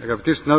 Ευχαριστώ.